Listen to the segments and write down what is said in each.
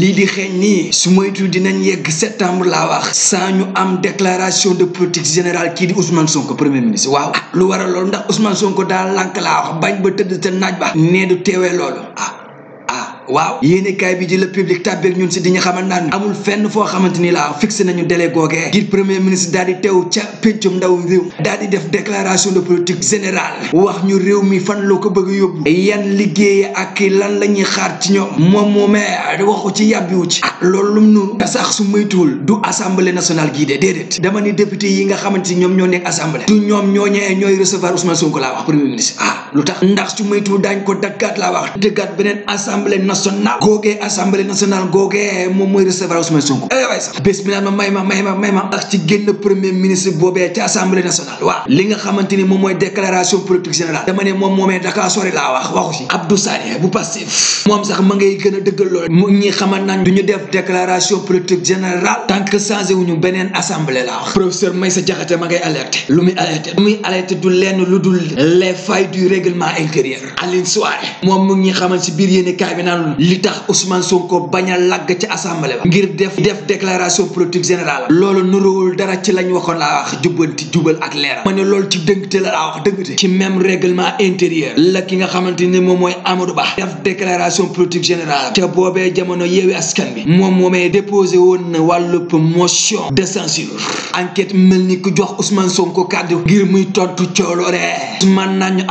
lii di xeeñ nii su moytu dinañ yegg septembre la wax sans ñu am déclaration de politique générale kii di Ousmane Sonko premier ministre waaw ah lu waral loolu ndax Ousmane Sonko daal lànk laa wax bañ ba tëdd te naaj ba nee du teewee loolu ah waaw yéene kaay bi di le public tàbbeeg ñun si di ñu xamal naan amul fenn foo xamante ni la fixé nañu délai googee ngir premier ministre daal di teew ca péncum ndaw réew daal di def déclaration de politique générale wax ñu réew mi fan loo ko bëgg a yóbbu yan liggéey ak lan la ñuy xaar ci ñoom moom moomee waxu ci yàbbiwu ci ah loolu lum nu sax su moytuwul du assemblée nationale gii de déedéet dama ni député yi nga xamante ni ñoom ñoo nekk assemblée du ñoo ñëwee ñooy recevoir Ousmane Sonko laa wax premier ah su moytuwul laa wax national googee assemblée nationale googee moom mooy recevoir Ousmane Sonko ay eh waay sax bés bi naan ma may ma may ma may ma ak ci génn premier ministre boobee ci assemblée nationale waaw li nga xamante ni moom mooy déclaration politique générale dama ne moom moomee Dakar sori laa wax waxu ci Abdou Sané bu Pastef moom sax ma ngay gën a dëggal loolu mu ñi xamal naan du ñu def déclaration politique générale tant que changé wuñu beneen assemblée laa wax professeur Maïssa Diakhaté ma ngay alerté lu muy alerté lu muy alerté du lenn lu dul les failles du règlement intérieur Aline Souaré moom mu ngi xamal ci biir yéene kaay bi naan xam li tax Ousmane Sonko bañ a làgg ci assemblée ba ngir def def déclaration politique générale loolu nuruwul dara ci lañ waxoon laa wax jubbanti jubal ak leeral ma ne loolu ci dëngte la laa wax dëngte ci même règlement intérieur la ki nga xamante ni moom mooy Amadou Ba def déclaration politique générale te boobee jamono yeewi askan bi moom moomee déposé woon na wàllub motion de censure enquête mel ni ku jox Ousmane Sonko kàddu ngir muy tontu coolooree man naa ñu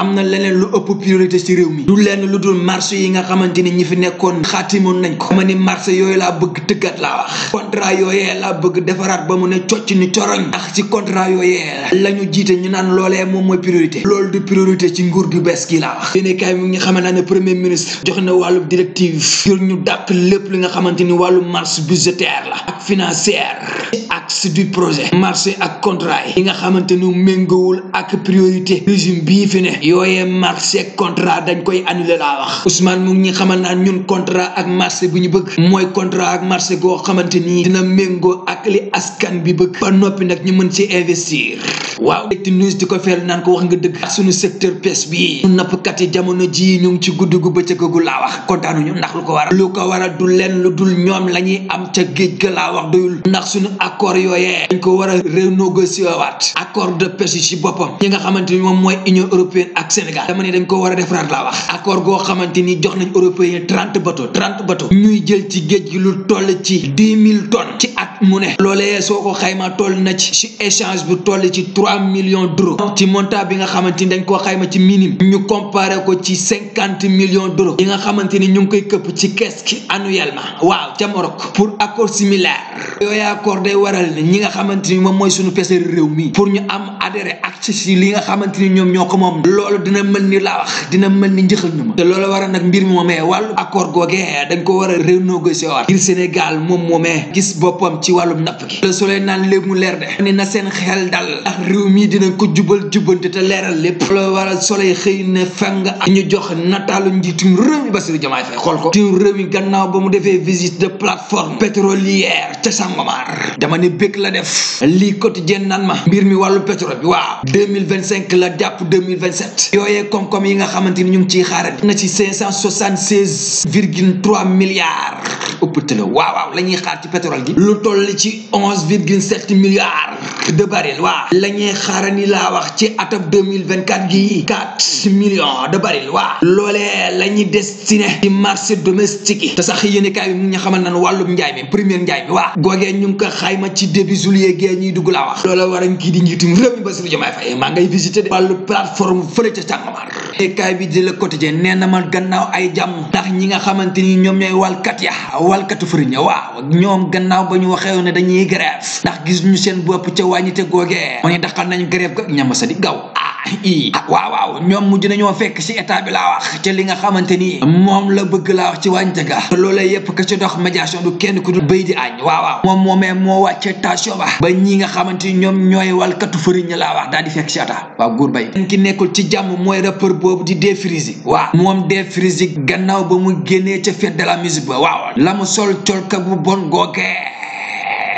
nekkoon xaatimoon nañ ko ma ni marché yooyu laa bëgg tëggat laa wax contrat yooyee laa bëgg defaraat ba mu ne cocc ni coroñ ndax ci contrat yooyee la ñu jiite ñu naan loolee moom mooy priorité loolu di priorité ci nguur gu bees gi laa wax yéene kaay nga xamante ne premier ministre jox na wàllub directive ngir ñu dàq lépp li nga xamante ni wàllu marche budgétaire la ak financière ci axe du projet marché ak contrat yi nga xamante ni méngowul ak priorité régime bii fi ne yooyee marché contrat dañ koy annuler laa wax Ousmane mu ngi xamal naan contrat ak marché bu ñu bëgg mooy contrat ak marché goo xamante ni dina méngoo li askan bi bëgg ba noppi nak ñu mën ci investir waaw ci news diko fël nan ko wax nga dëgg suñu secteur pes bi ñu kat yi jamono ji ñu ci guddu gu gu la wax ko daanu ñu ndax lu ko waral lu ko waral du len lu dul ñom lañuy am ca geej ga la wax doyul ndax suñu accord yoyé dañ ko war renégocier waat accord de pes ci bopam ñi nga xamanteni mom moy union européenne ak sénégal dama ne dañ ko wara a la wax accord go xamanteni jox nañ européen 30 bateau 30 bateau ñuy jël ci geej gi lu toll ci 10000 tonnes ci at mu ne loolee soo ko xayma toll na ci ci échange bu toll ci million millions d'euros ci montant bi nga xamante ni dañ koo xayma ci minimum ñu comparé ko ci cinquante millions d'euros yi nga xamante ni ñu ngi koy këpp ci kees gi annuellement waaw ca Maroc pour accord similaire yooyu accord day waral ñi nga xamante ni moom mooy suñu peser réew mii pour ñu am adhéré ak ci li nga xamante ni ñoom ñoo ko moom loolu dina mel ni laa wax dina mel ni njëxal na ma te loolu waral nag mbir mi moomee wàllu accord googee dañ ko war a renégocier waat ngir Sénégal moom moomee gis boppam ci wàllu napp gi le soleil naan léeb mu leer de ne na seen xel dal ak réew mii dinañ ko jubal jubante te leeral lépp la waral soleil xëy ne fang ak ñu jox nataalu njiitum réew mi Bassirou Diomaye Faye xool ko tim réew mi gannaaw ba mu defee visite de plateforme pétrolière ca Sangomar dama ne bëgg la def lii quotidien naan ma mbir mi wàllu pétrole bi waaw 2025 la jàpp 2027 yooyee koom-koom yi nga xamante ni ñu ngi ciy xaarat na ci 576 virgule 3 milliards ëpp tële waaw waaw la ñuy xaar ci pétrole gi lu toll ci ci onze virgule milliards de baril waa la ñuy laa wax ci atab 2024 gi quatre millions de baril waa loolee la ñuy destiné ci marché domestique yi te sax yéenekaay bi mu ñu xamal nan wàllum njaay mi première njaay mi waa googee ñu ko xayma ci début juillet gee ñuy dugg laa wax loola war a kii di njiitum réew mi Bassirou Diomaye Faye maa ngay visité wàllu plateforme fële ca càngomar yéenekaay bi di Le Quotidien nee na ma gannaaw ay jàmm ndax ñi nga xamante ni ñoom ñooy walkat ya walkatu fëriñ waaw ñoom gannaaw ba ñu waxee ne dañuy grève ndax gis ñu seen bopp ca wàññite googee ma ne daxal nañ grève ga ñamasa di gaw i ah, waaw waaw ñoom mujj nañoo fekk ci état bi laa wax ca li nga xamante ni moom la bëgg laa wax ci wàñte ga te loolee yépp ka ci dox médiation du kenn ku du béy di añ waaw moom moomee moo wàcce tension ba ba ñi nga xamante ni ñoom ñooy walkatu fëriñ ñi laa wax daal di fekk ci état waaw guur bay ki nekkul ci jàmm mooy rappeur boobu di Defrizi waaw moom Defrizi gannaaw ba mu génnee ca fête de la musique ba waaw la mu sol colka bu bon googee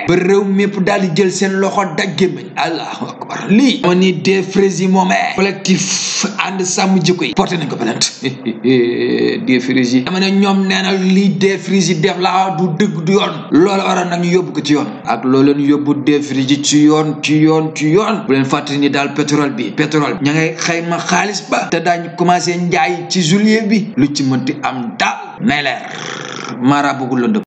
ba réew mépp daal di jël seen loxo dagge mañ allahu akbar lii ma ni des fraises yi moomee collectif ànd sàmm jikko yi porté nañ ko plainte des fraises yi dama ne ñoom nee na lii des fraises yi def laa du dëgg du yoon loolu waroon nañu yóbbu ko ci yoon ak loolu leen yóbbu des fraises yi ci yoon ci yoon ci yoon bu leen fàttali ni daal pétrole bi pétrole bi ña ngay xayma xaalis ba te daañu commencé njaay ci juillet bi lu ci mënti am daal nay leer maara bëggul lëndëm